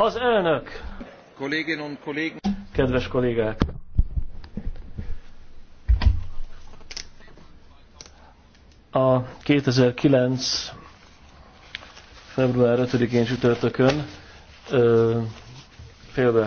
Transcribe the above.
Az elnök! Kedves kollégák! A 2009. február 5-én csütörtökön félbe